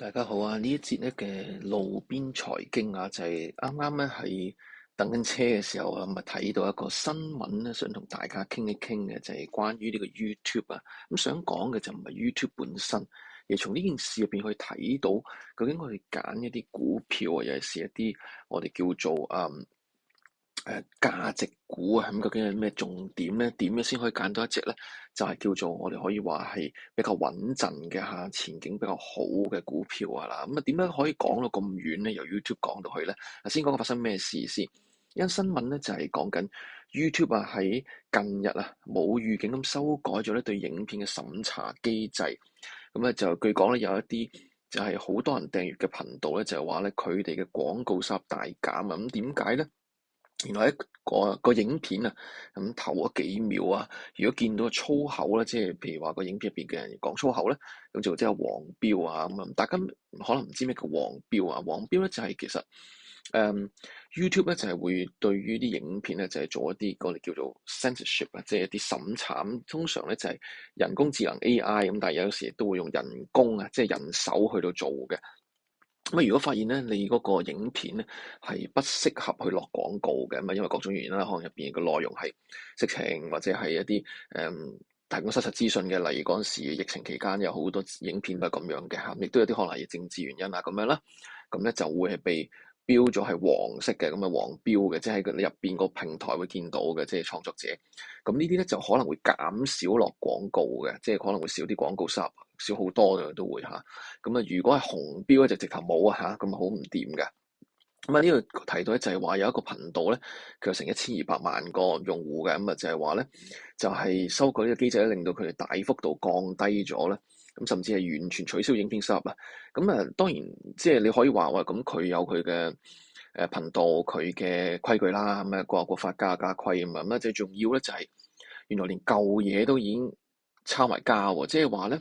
大家好啊！呢一節咧嘅路邊財經啊，就係啱啱咧係等緊車嘅時候啊，咪睇到一個新聞咧，想同大家傾一傾嘅，就係關於呢個 YouTube 啊。咁想講嘅就唔係 YouTube 本身，而從呢件事入邊去睇到，究竟我哋揀一啲股票啊，又係是一啲我哋叫做誒。嗯誒、呃、價值股、嗯、究竟係咩重點呢？點樣先可以揀到一隻呢？就係、是、叫做我哋可以話係比較穩陣嘅嚇，前景比較好嘅股票啊啦。咁啊，點、嗯、樣可以講到咁遠呢？由 YouTube 講到去呢，先講個發生咩事先。因新聞呢，就係、是、講緊 YouTube 啊，喺近日啊冇預警咁修改咗咧對影片嘅審查機制。咁、嗯、咧就據講咧有一啲就係好多人訂閱嘅頻道咧，就話咧佢哋嘅廣告收入大減啊。咁點解呢？原來喺個個影片啊，咁頭幾秒啊，如果見到粗口咧，即係譬如話個影片入邊嘅人講粗口咧，咁就即係黃標啊咁啊，大家可能唔知咩叫黃標啊，黃標咧就係其實誒、嗯、YouTube 咧就係會對於啲影片咧就係做一啲我哋叫做 censorship 啊，即係一啲審查，咁通常咧就係人工智能 AI 咁，但係有時都會用人工啊，即係人手去到做嘅。咁如果發現咧，你嗰個影片咧係不適合去落廣告嘅，咁啊，因為各種原因啦，可能入邊嘅內容係色情或者係一啲誒提供失實資訊嘅，例如嗰陣時疫情期間有好多影片都係咁樣嘅嚇，亦都有啲可能係政治原因啊咁樣啦，咁咧就會係被標咗係黃色嘅咁嘅黃標嘅，即係喺你入邊個平台會見到嘅，即係創作者。咁呢啲咧就可能會減少落廣告嘅，即係可能會少啲廣告插少好多嘅都會嚇，咁啊！如果係紅標咧，就直頭冇啊嚇，咁啊好唔掂㗎。咁啊呢度提到咧就係、是、話有一個頻道咧，佢有成一千二百萬個用戶嘅，咁啊就係話咧，就係、是就是、修改呢個機制咧，令到佢哋大幅度降低咗咧，咁、嗯、甚至係完全取消影片收入啊。咁、嗯、啊、嗯、當然，即係你可以話喂，咁、嗯、佢有佢嘅誒頻道佢嘅規矩啦，咁、嗯、啊國有國法家有家規咁啊。咁啊最重要咧就係、是、原來連舊嘢都已經抄埋家喎，即係話咧。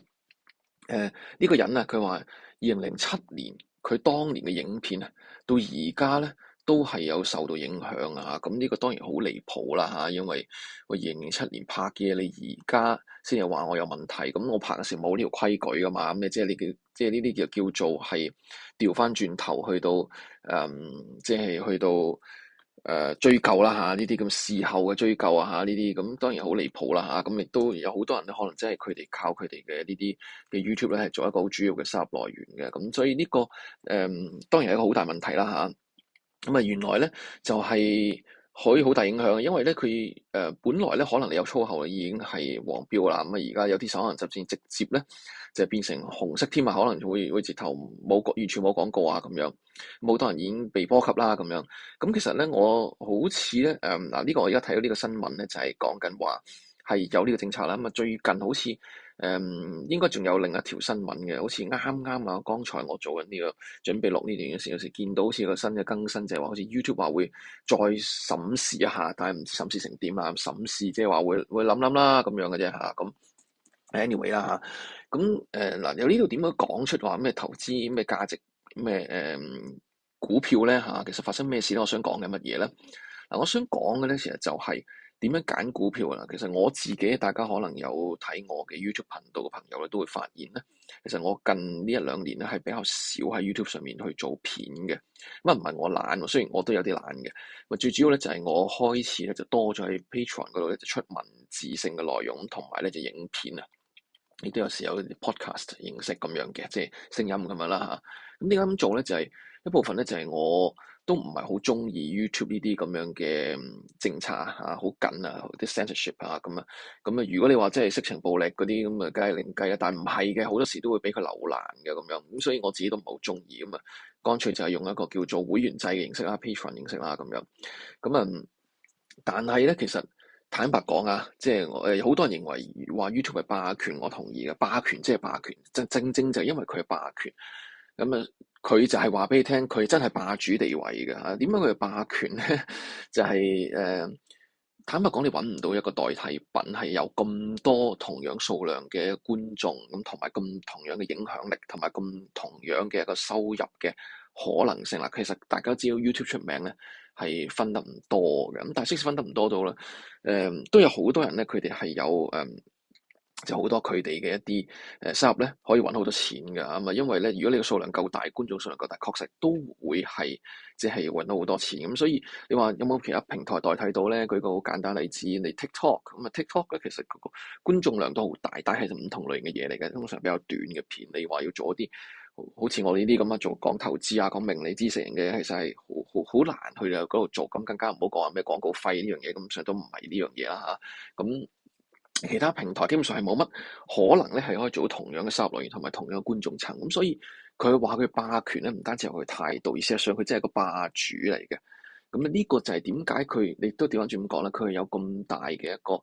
誒呢、呃這個人啊，佢話二零零七年佢當年嘅影片啊，到而家咧都係有受到影響啊！咁、這、呢個當然好離譜啦嚇，因為我二零零七年拍嘅你而家先又話我有問題，咁、啊嗯、我拍嘅時冇呢條規矩㗎嘛？咁你即係呢啲，即係呢啲叫叫做係調翻轉頭去到誒，即係去到。嗯誒追究啦嚇，呢啲咁事後嘅追究啊嚇，呢啲咁當然好離譜啦嚇，咁亦都有好多人咧，可能真係佢哋靠佢哋嘅呢啲嘅 YouTube 咧係做一個好主要嘅收入來源嘅，咁所以呢、呢個誒、嗯、當然係一個好大問題啦吓，咁啊原來咧就係、係。可以好大影響，因為咧佢，誒，本來咧，可能你有粗口已經係黃標啦，咁啊而家有啲手可能甚至直接咧就變成紅色添，嘛，可能會會直頭冇完全冇廣告啊咁樣，好多人已經被波及啦咁樣。咁其實咧，我好似咧誒，嗱，呢個我而家睇到呢個新聞咧就係講緊話係有呢個政策啦，咁啊最近好似。誒、嗯，應該仲有另一條新聞嘅，好似啱啱啊，剛才我做緊呢、這個準備錄呢段嘅時候，有時見到好似個新嘅更新，就係話好似 YouTube 話會再審視一下，但係唔知審視成點啊？審視即係話會會諗諗啦，咁樣嘅啫吓。咁 anyway 啦吓，咁誒嗱，由呢度點樣講出話咩投資咩價值咩誒、嗯、股票咧吓、啊？其實發生咩事咧？我想講嘅乜嘢咧？嗱、啊，我想講嘅咧，其實就係、是。點樣揀股票啊？其實我自己，大家可能有睇我嘅 YouTube 頻道嘅朋友咧，都會發現咧，其實我近呢一兩年咧係比較少喺 YouTube 上面去做片嘅。咁啊唔係我懶，雖然我都有啲懶嘅。最主要咧就係我開始咧就多咗喺 Patreon 嗰度咧就出文字性嘅內容，同埋呢就影片啊。亦都有時有啲 Podcast 形式咁樣嘅，即係聲音咁樣啦嚇。咁點解咁做咧？就係一部分咧就係我。都唔係好中意 YouTube 呢啲咁樣嘅政策嚇，好緊啊，啲 censorship 啊咁啊，咁啊如果你話即係色情暴力嗰啲咁啊，梗係另計啦，但唔係嘅好多時都會俾佢留難嘅咁樣，咁所以我自己都唔係好中意咁啊，乾脆就係用一個叫做會員制嘅形式啦、啊，Patreon 形式啦咁樣，咁啊，但係咧其實坦白講啊，即係誒好多人認為話 YouTube 係霸權，我同意嘅霸權即係霸權，正正正就係因為佢係霸權。咁啊，佢、嗯、就係話俾你聽，佢真係霸主地位嘅嚇。點解佢係霸權咧？就係、是、誒、呃，坦白講，你揾唔到一個代替品，係有咁多同樣數量嘅觀眾，咁同埋咁同樣嘅影響力，同埋咁同樣嘅一個收入嘅可能性啦。其實大家知道 YouTube 出名咧，係分得唔多嘅。咁但係即使分得唔多到啦，誒、呃、都有好多人咧，佢哋係有誒。呃就好多佢哋嘅一啲誒收入咧，可以揾到好多錢㗎啊！因為咧，如果你個數量夠大，觀眾數量夠大，確實都會係即係揾到好多錢咁。所以你話有冇其他平台代替到咧？舉個好簡單例子，你 TikTok、嗯、TikTok 咁啊，TikTok 咧其實個觀眾量都好大，但係就唔同類型嘅嘢嚟嘅，通常比較短嘅片。你話要做一啲好似我呢啲咁啊，做講投資啊、講命理之成嘅，其實係好好好難去啊嗰度做。咁更加唔好講話咩廣告費呢樣嘢，咁其實都唔係呢樣嘢啦嚇。咁、啊嗯其他平台基本上係冇乜可能咧，係可以做到同樣嘅收入來源同埋同樣嘅觀眾層。咁所以佢話佢霸權咧，唔單止係佢態度，而事實上佢真係個霸主嚟嘅。咁呢個就係點解佢，你都調翻轉咁講啦，佢有咁大嘅一個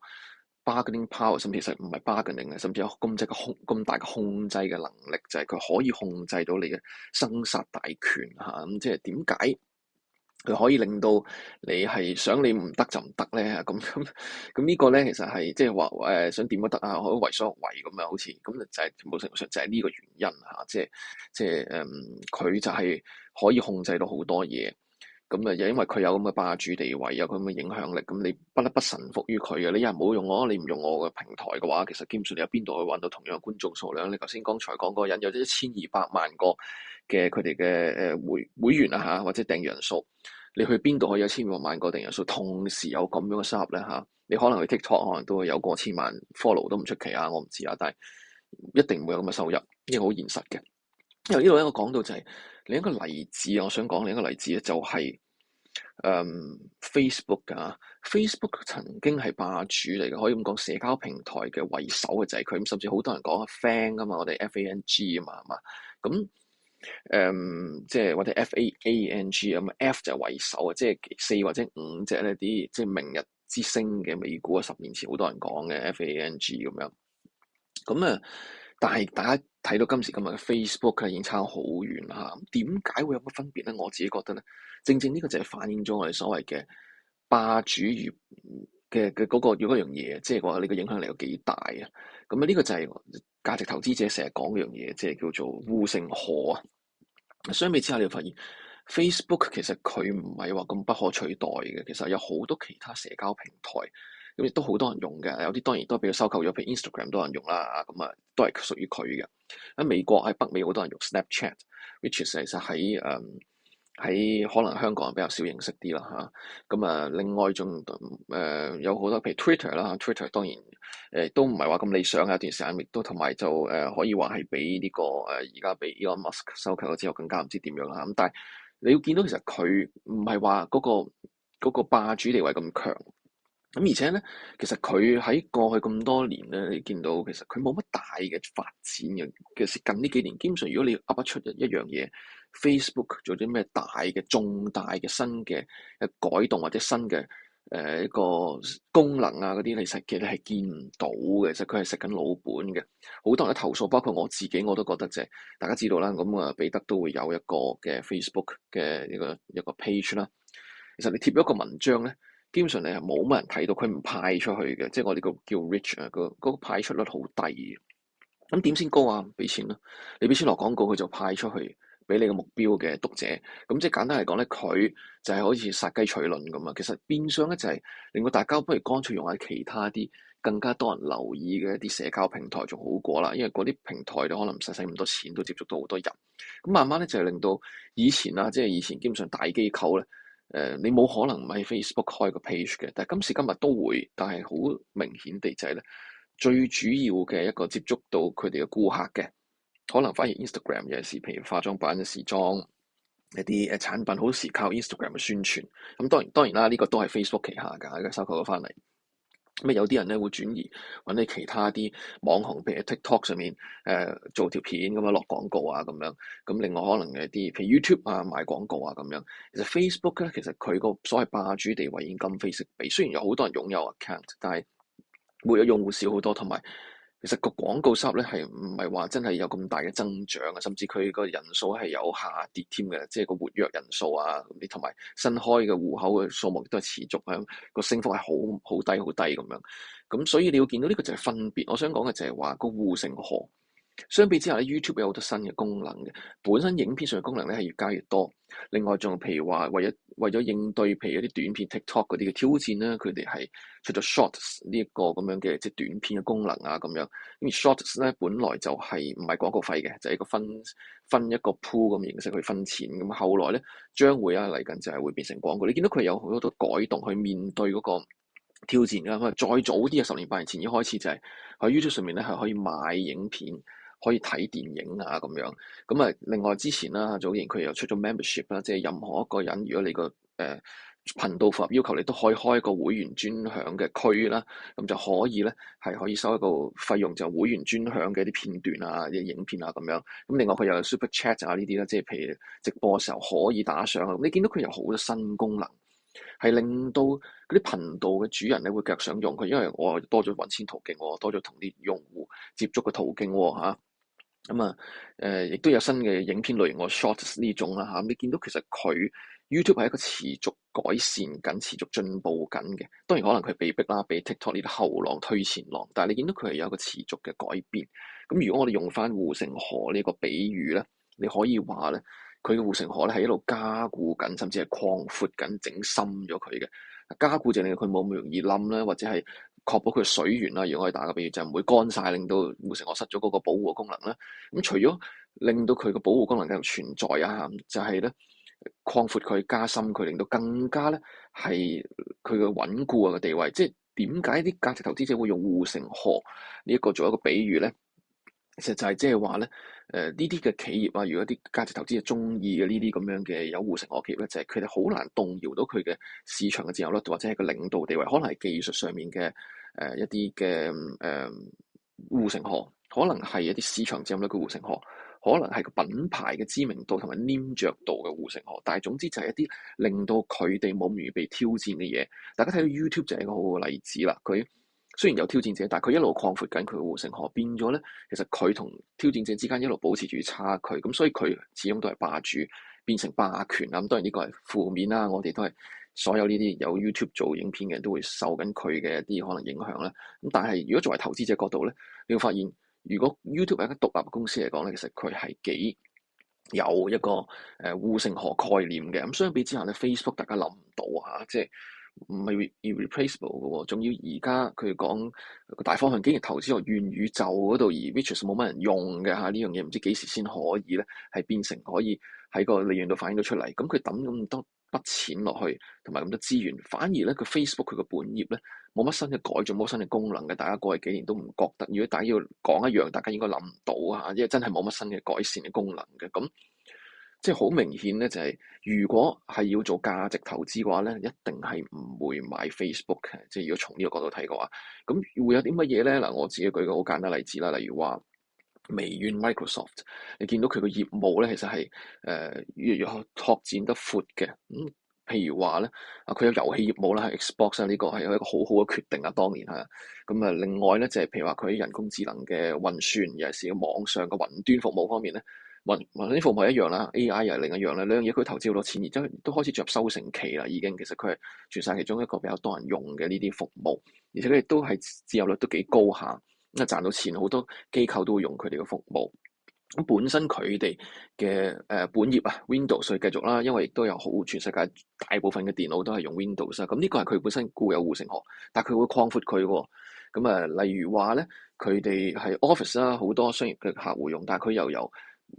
bargaining power，甚至其實唔係 bargaining 啊，甚至有咁隻嘅控咁大嘅控制嘅能力，就係、是、佢可以控制到你嘅生殺大權嚇。咁即係點解？佢可以令到你係想你唔得就唔得咧，咁咁咁呢個咧其實係即係話誒想點都得啊，好為所欲為咁樣好似，咁就係冇成實就係呢個原因嚇、啊，即係即係誒佢就係可以控制到好多嘢，咁啊又因為佢有咁嘅霸主地位，有咁嘅影響力，咁、嗯、你不得不臣服於佢啊。你一又冇用我，你唔用我嘅平台嘅話，其實基本上你喺邊度去揾到同樣嘅觀眾數量？你頭先剛才講嗰人有咗一千二百萬個嘅佢哋嘅誒會會員啊嚇，或者訂人數。你去邊度可以有千個萬個訂閱數，同時有咁樣嘅收入咧？嚇、啊，你可能去 TikTok 可能都會有過千萬 follow 都唔出奇啊！我唔知啊，但係一定唔會有咁嘅收入，呢個好現實嘅。因為呢度一我講到就係、是、另一個例子啊，我想講另一個例子咧、就是，就係誒 Facebook 噶、啊，Facebook 曾經係霸主嚟嘅，可以咁講社交平台嘅為首嘅就係佢，甚至好多人講 friend 噶嘛，我哋 F A N G 嘛，係嘛咁。誒，um, 即係或者 F A A N G 咁 F 就係為首啊，即係四或者五隻呢啲即係明日之星嘅美股啊，十年前好多人講嘅 F A N G 咁樣，咁啊，但係大家睇到今時今日嘅 Facebook 啊，已經差好遠啦嚇，點解會有乜分別咧？我自己覺得咧，正正呢個就係反映咗我哋所謂嘅霸主與。嘅嘅嗰個嗰樣嘢，即係話你嘅影響力有幾大啊？咁啊，呢個就係價值投資者成日講嘅樣嘢，即係叫做護城河啊。相比之下，你會發現 Facebook 其實佢唔係話咁不可取代嘅，其實有好多其他社交平台，咁亦都好多人用嘅。有啲當然都俾佢收購咗，譬如 Instagram 多人用啦，咁啊都係屬於佢嘅。喺美國，喺北美好多人用 Snapchat，which is 其實喺誒。喺可能香港人比較少認識啲啦嚇，咁啊另外仲誒、呃、有好多譬如 Twitter、啊、Twitter 啦 Twitter 當然誒、呃、都唔係話咁理想嘅一段時間，亦都同埋就誒、呃、可以話係俾呢個誒而家俾 Elon Musk 收購咗之後更加唔知點樣啦。咁、啊、但係你要見到其實佢唔係話嗰個霸主地位咁強，咁、啊、而且咧其實佢喺過去咁多年咧，你見到其實佢冇乜大嘅發展嘅，尤其是近呢幾年，基本上如果你噏得出一一樣嘢。Facebook 做啲咩大嘅、重大嘅新嘅嘅改動或者新嘅誒、呃、一個功能啊，嗰啲你實嘅你係見唔到嘅。其實佢係食緊老本嘅。好多人嘅投訴，包括我自己我都覺得就係大家知道啦。咁、嗯、啊，彼得都會有一個嘅 Facebook 嘅一個一個 page 啦。其實你貼咗一個文章咧，基本上你係冇乜人睇到，佢唔派出去嘅，即係我哋個叫 reach 啊，個嗰個派出率好低嘅。咁點先高啊？俾錢啦！你俾錢落廣告，佢就派出去。俾你個目標嘅讀者，咁即係簡單嚟講咧，佢就係好似殺雞取卵咁啊！其實變相咧就係、是、令到大家不如乾脆用喺其他啲更加多人留意嘅一啲社交平台仲好過啦，因為嗰啲平台你可能唔使使咁多錢都接觸到好多人。咁慢慢咧就係、是、令到以前啊，即係以前基本上大機構咧，誒、呃、你冇可能唔喺 Facebook 開個 page 嘅，但係今時今日都會，但係好明顯地就係咧，最主要嘅一個接觸到佢哋嘅顧客嘅。可能反而 Instagram 有時，譬如化妝品嘅時裝一啲誒產品，好似靠 Instagram 嘅宣傳。咁當然當然啦，呢、這個都係 Facebook 旗下㗎，收購咗翻嚟。咁有啲人咧會轉移揾你其他啲網紅，譬如 TikTok 上面誒、呃、做條片咁樣落廣告啊咁樣。咁另外可能有啲，譬如 YouTube 啊賣廣告啊咁樣。其實 Facebook 咧，其實佢個所謂霸主地位已經今非昔比。雖然有好多人擁有 account，但係會有用戶少好多，同埋。其實個廣告收入咧係唔係話真係有咁大嘅增長啊，甚至佢個人數係有下跌添嘅，即係個活躍人數啊，你同埋新開嘅戶口嘅數目都係持續響、個升幅係好好低好低咁樣，咁所以你要見到呢個就係分別，我想講嘅就係話個護城河。相比之下咧，YouTube 有好多新嘅功能嘅，本身影片上嘅功能咧係越加越多。另外仲有譬如話為咗為咗應對譬如一啲短片 TikTok 嗰啲嘅挑戰咧，佢哋係出咗 Shorts 呢一個咁樣嘅即係短片嘅功能啊咁樣。而 Shorts 咧本來就係唔係廣告費嘅，就係、是、一個分分一個 pool 咁形式去分錢咁。後來咧將會啊嚟緊就係會變成廣告。你見到佢有好多改動去面對嗰個挑戰噶。佢再早啲啊，十年八年前一開始就係喺 YouTube 上面咧係可以買影片。可以睇電影啊咁樣，咁啊另外之前啦，早前佢又出咗 membership 啦，即係任何一個人，如果你個誒、呃、頻道符合要求，你都可以開一個會員專享嘅區啦，咁就可以咧係可以收一個費用，就會員專享嘅啲片段啊、影片啊咁樣。咁另外佢又有 super chat 啊呢啲啦，即係譬如直播嘅時候可以打賞，你見到佢有好多新功能。係令到嗰啲頻道嘅主人咧會繼續用佢，因為我多咗揾錢途徑，我多咗同啲用戶接觸嘅途徑吓。咁啊，誒、嗯，亦、呃、都有新嘅影片類型我 Sh「Shorts 呢種啦吓。你見到其實佢 YouTube 係一個持續改善緊、持續進步緊嘅。當然可能佢被逼啦，被 TikTok 呢啲後浪推前浪，但係你見到佢係有一個持續嘅改變。咁、嗯、如果我哋用翻護城河呢個比喻咧，你可以話咧。佢嘅護城河咧係一路加固緊，甚至係擴闊緊、整深咗佢嘅加固，就令佢冇咁容易冧啦，或者係確保佢水源啦。如果我哋打個比喻就唔、是、會乾晒，令到護城河失咗嗰個保護嘅功能啦。咁、嗯、除咗令到佢嘅保護功能繼續存在啊，就係、是、咧擴闊佢、加深佢，令到更加咧係佢嘅穩固啊嘅地位。即係點解啲價值投資者會用護城河呢一個做一個比喻咧？其實就係即係話咧，誒呢啲嘅企業啊，如果啲價值投資者中意嘅呢啲咁樣嘅有護城河企業咧，就係佢哋好難動搖到佢嘅市場嘅佔有率，或者係個領導地位，可能係技術上面嘅誒、呃、一啲嘅誒護城河，可能係一啲市場佔有率嘅護城河，可能係個品牌嘅知名度同埋黏着度嘅護城河，但係總之就係一啲令到佢哋冇咁容易被挑戰嘅嘢。大家睇到 YouTube 就係一個好嘅例子啦，佢。雖然有挑戰者，但係佢一路擴闊緊佢個護城河，變咗咧，其實佢同挑戰者之間一路保持住差距，咁所以佢始終都係霸主，變成霸權，咁當然呢個係負面啦，我哋都係所有呢啲有 YouTube 做影片嘅人都會受緊佢嘅一啲可能影響啦。咁但係如果作為投資者角度咧，你會發現，如果 YouTube 係一間獨立公司嚟講咧，其實佢係幾有一個誒護城河概念嘅。咁相比之下咧，Facebook 大家諗唔到啊，即係。唔係 irreplaceable 嘅，仲、哦、要而家佢講個大方向，竟然投資落元宇宙嗰度，而 which is 冇乜人用嘅吓，呢樣嘢唔知幾時先可以咧，係變成可以喺個利潤度反映到出嚟。咁佢抌咁多筆錢落去，同埋咁多資源，反而咧佢 Facebook 佢個本業咧冇乜新嘅改進，冇新嘅功能嘅，大家過去幾年都唔覺得。如果大家要講一樣，大家應該諗唔到吓、啊，因爲真係冇乜新嘅改善嘅功能嘅咁。嗯即係好明顯咧，就係、是、如果係要做價值投資嘅話咧，一定係唔會買 Facebook 嘅。即係如果從呢個角度睇嘅話，咁會有啲乜嘢咧？嗱，我自己舉個好簡單例子啦，例如話微軟 Microsoft，你見到佢嘅業務咧，其實係誒、呃、越越拓展得闊嘅。咁、嗯、譬如話咧，啊佢有遊戲業務啦，係 Xbox 啊，呢個係一個好好嘅決定啊，當然係。咁啊，另外咧就係譬如話佢喺人工智能嘅運算，尤其是網上嘅雲端服務方面咧。雲雲啲服務係一樣啦，A.I. 又係另一樣啦。呢樣嘢佢投資好多錢，而家都開始着收成期啦。已經其實佢係全世界其中一個比較多人用嘅呢啲服務，而且佢哋都係自由率都幾高下，咁啊，賺到錢，好多機構都會用佢哋嘅服務。咁本身佢哋嘅誒本業啊，Windows 所以繼續啦，因為亦都有好全世界大部分嘅電腦都係用 Windows，咁呢個係佢本身固有護城河，但係佢會擴闊佢喎。咁啊，例如話咧，佢哋係 Office 啦，好多商業嘅客戶用，但係佢又有。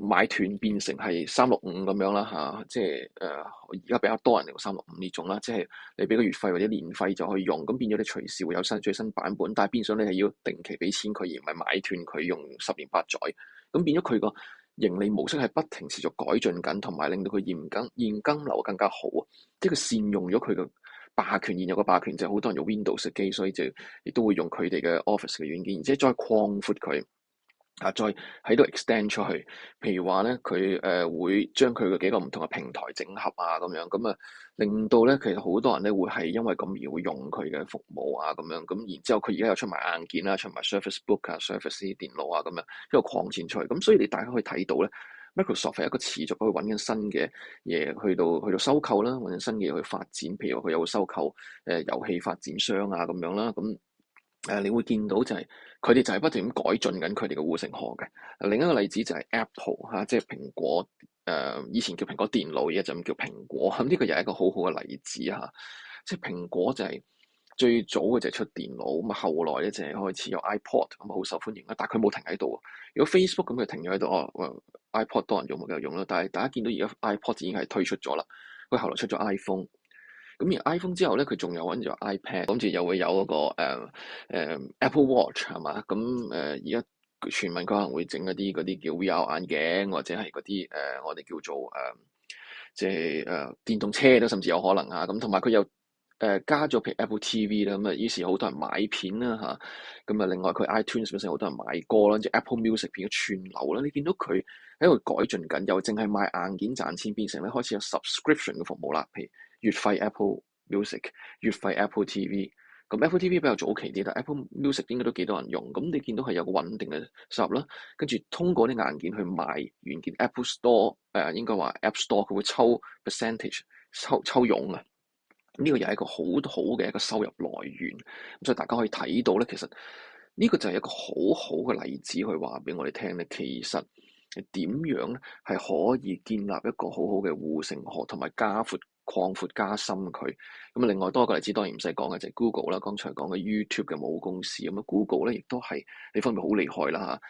買斷變成係三六五咁樣啦吓、啊，即係誒而家比較多人用三六五呢種啦，即係你俾個月費或者年費就可以用，咁變咗你隨時會有新最新版本，但係變相你係要定期俾錢佢，而唔係買斷佢用十年八載，咁變咗佢個盈利模式係不停持續改進緊，同埋令到佢現金現金流更加好啊！即係佢善用咗佢個霸權，現有個霸權就係好多人用 Windows 機，所以就亦都會用佢哋嘅 Office 嘅軟件，而且再擴闊佢。啊！再喺度 extend 出去，譬如話咧，佢誒會將佢嘅幾個唔同嘅平台整合啊，咁樣咁啊，令到咧其實好多人咧會係因為咁而會用佢嘅服務啊，咁樣咁然之後佢而家又出埋硬件啦，出埋 Surface Book 啊、Surface 啲電腦啊，咁樣一路擴展出去。咁所以你大家可以睇到咧，Microsoft 係一個持續去搵緊新嘅嘢，去到去到收購啦，搵緊新嘅嘢去發展。譬如話佢有收購誒遊戲發展商啊，咁樣啦，咁。誒，uh, 你會見到就係佢哋就係不斷咁改進緊佢哋嘅護城河嘅。另一個例子就係 Apple 嚇、啊，即係蘋果誒、呃，以前叫蘋果電腦，而家就咁叫蘋果。咁、啊、呢、嗯這個又係一個好好嘅例子嚇、啊。即係蘋果就係、是、最早嘅就係出電腦，咁啊後來咧就係開始有 iPod，咁啊好受歡迎。但係佢冇停喺度。如果 Facebook 咁佢停咗喺度，哦、啊、iPod 多人用冇夠用啦。但係大家見到而家 iPod 已經係推出咗啦，佢後來出咗 iPhone。咁而 iPhone 之後咧，佢仲有揾咗 iPad，諗住又會有嗰個誒誒、嗯嗯、Apple Watch 係嘛？咁誒而家傳聞可能會整嗰啲啲叫 VR 眼鏡，或者係嗰啲誒我哋叫做誒、嗯、即係誒、呃、電動車都甚至有可能嚇。咁同埋佢又誒、呃、加咗譬如 Apple TV 啦，咁啊於是好多人買片啦嚇。咁啊另外佢 iTunes 本身好多人買歌啦，即、啊、係 Apple Music 變咗串流啦。你見到佢喺度改進緊，又淨係賣硬件賺錢，變成咧開始有 subscription 嘅服務啦、啊，譬如～月費 Apple Music，月費 Apple TV。咁 Apple TV 比較早期啲，但 Apple Music 應該都幾多人用。咁你見到係有個穩定嘅收入啦。跟住通過啲硬件去賣軟件，Apple Store 誒、呃、應該話 App Store 佢會抽 percentage 抽抽傭啊。呢個又係一個好好嘅一個收入來源，咁所以大家可以睇到咧。其實呢個就係一個好好嘅例子去話俾我哋聽咧。其實點樣咧係可以建立一個好好嘅護城河同埋加闊。擴闊加深佢，咁另外多一個例子，當然唔使講嘅就係、是、Google 啦。剛才講嘅 YouTube 嘅母公司咁啊，Google 咧亦都係呢方面好厲害啦嚇。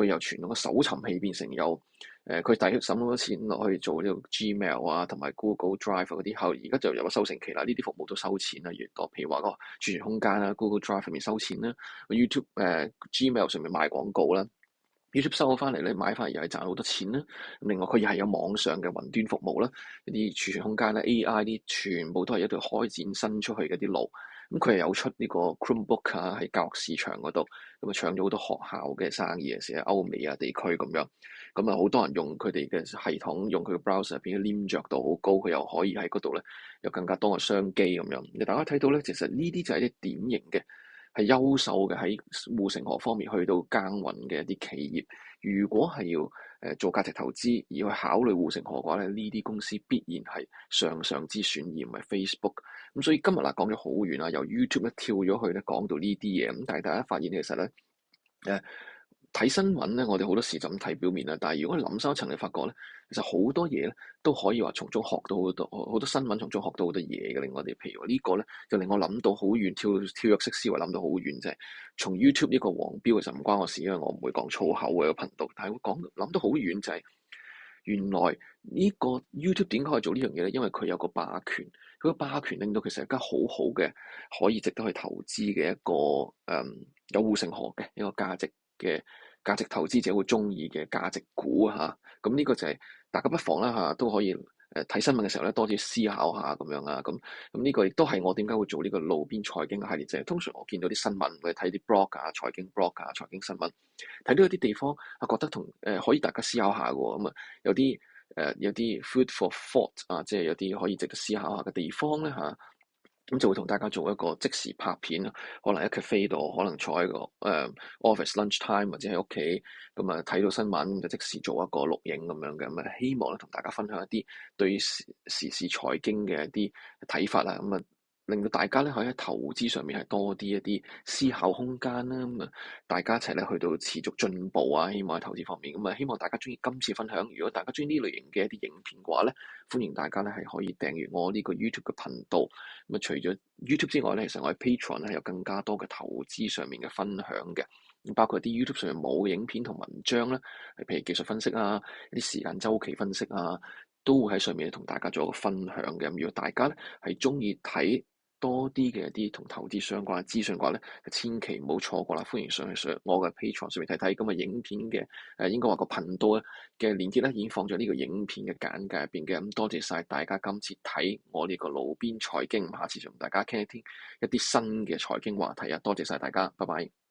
佢由傳統嘅搜尋器變成有誒，佢大手使好多錢落去做呢個 Gmail 啊，同埋 Google Drive 嗰啲後，而家就有個收成期啦。呢啲服務都收錢啦，越多。譬如話個儲存空間啦，Google Drive 入面收錢啦，YouTube 誒、呃、Gmail 上面賣廣告啦。YouTube 收我翻嚟咧，買翻嚟又係賺好多錢啦。另外佢又係有網上嘅雲端服務啦，啲儲存空間啦 AI 啲全部都係一路開展伸出去嘅啲路。咁佢又有出呢個 Chromebook 啊，喺教育市場嗰度咁啊搶咗好多學校嘅生意啊，成日歐美啊地區咁樣。咁啊好多人用佢哋嘅系統，用佢嘅 browser 入面嘅黏着度好高，佢又可以喺嗰度咧有更加多嘅商機咁樣。大家睇到咧，其實呢啲就係啲典型嘅。係優秀嘅喺護城河方面去到耕耘嘅一啲企業，如果係要誒做價值投資，而要去考慮護城河嘅話咧，呢啲公司必然係上上之選，而唔係 Facebook。咁所以今日啦，講咗好遠啦，由 YouTube 一跳咗去咧，講到呢啲嘢，咁但係大家發現其實咧，誒、呃。睇新聞咧，我哋好多時就咁睇表面啦。但係如果諗深一層，你發覺咧，其實好多嘢咧都可以話從中學到好多好多新聞，從中學到好多嘢嘅。令我哋譬如話呢個咧，就令我諗到好遠，跳跳躍式思維諗到好遠啫。就係、從 YouTube 呢個黃標其實唔關我事，因為我唔會講粗口嘅頻道，但係我講諗到好遠就係、係、原來呢、呢個 YouTube 點解可以做呢樣嘢咧？因為佢有個霸權，佢個霸權令到其實一家好好嘅可以值得去投資嘅一個誒、嗯、有護城河嘅一個價值嘅。價值投資者會中意嘅價值股啊！咁呢個就係、是、大家不妨啦嚇、啊、都可以誒睇、呃、新聞嘅時候咧，多啲思考下咁樣啊。咁咁呢個亦都係我點解會做呢個路邊財經嘅系列，就係、是、通常我見到啲新聞，我睇啲 blog 啊，財經 blog 啊，財經新聞，睇到一啲地方啊，覺得同誒、呃、可以大家思考下嘅喎，咁啊，有啲誒、呃、有啲 food for thought 啊，即係有啲可以值得思考下嘅地方咧嚇。啊咁就會同大家做一個即時拍片，可能一腳飛到，可能坐喺個誒、呃、office lunch time 或者喺屋企咁啊，睇到新聞，咁就即時做一個錄影咁樣嘅咁啊，就希望咧同大家分享一啲對時、時事、財經嘅一啲睇法啦，咁啊～令到大家咧可以喺投資上面係多啲一啲思考空間啦，咁啊大家一齊咧去到持續進步啊，希望喺投資方面，咁啊希望大家鍾意今次分享。如果大家鍾意呢類型嘅一啲影片嘅話咧，歡迎大家咧係可以訂閲我呢個 YouTube 嘅頻道。咁啊除咗 YouTube 之外咧，其實我喺 Patreon 咧有更加多嘅投資上面嘅分享嘅，包括啲 YouTube 上面冇嘅影片同文章啦，譬如技術分析啊，啲時間週期分析啊，都會喺上面同大家做一個分享嘅。如果大家咧係鍾意睇，多啲嘅一啲同投資相關嘅資訊嘅話咧，千祈唔好錯過啦！歡迎上去上我嘅 Patreon 上面睇睇。咁啊，影片嘅誒應該話個頻道咧嘅連結咧已經放咗喺呢個影片嘅簡介入邊嘅。咁多謝晒大家今次睇我呢個路邊財經，下次同大家傾一傾一啲新嘅財經話題啊！多謝晒大家，拜拜。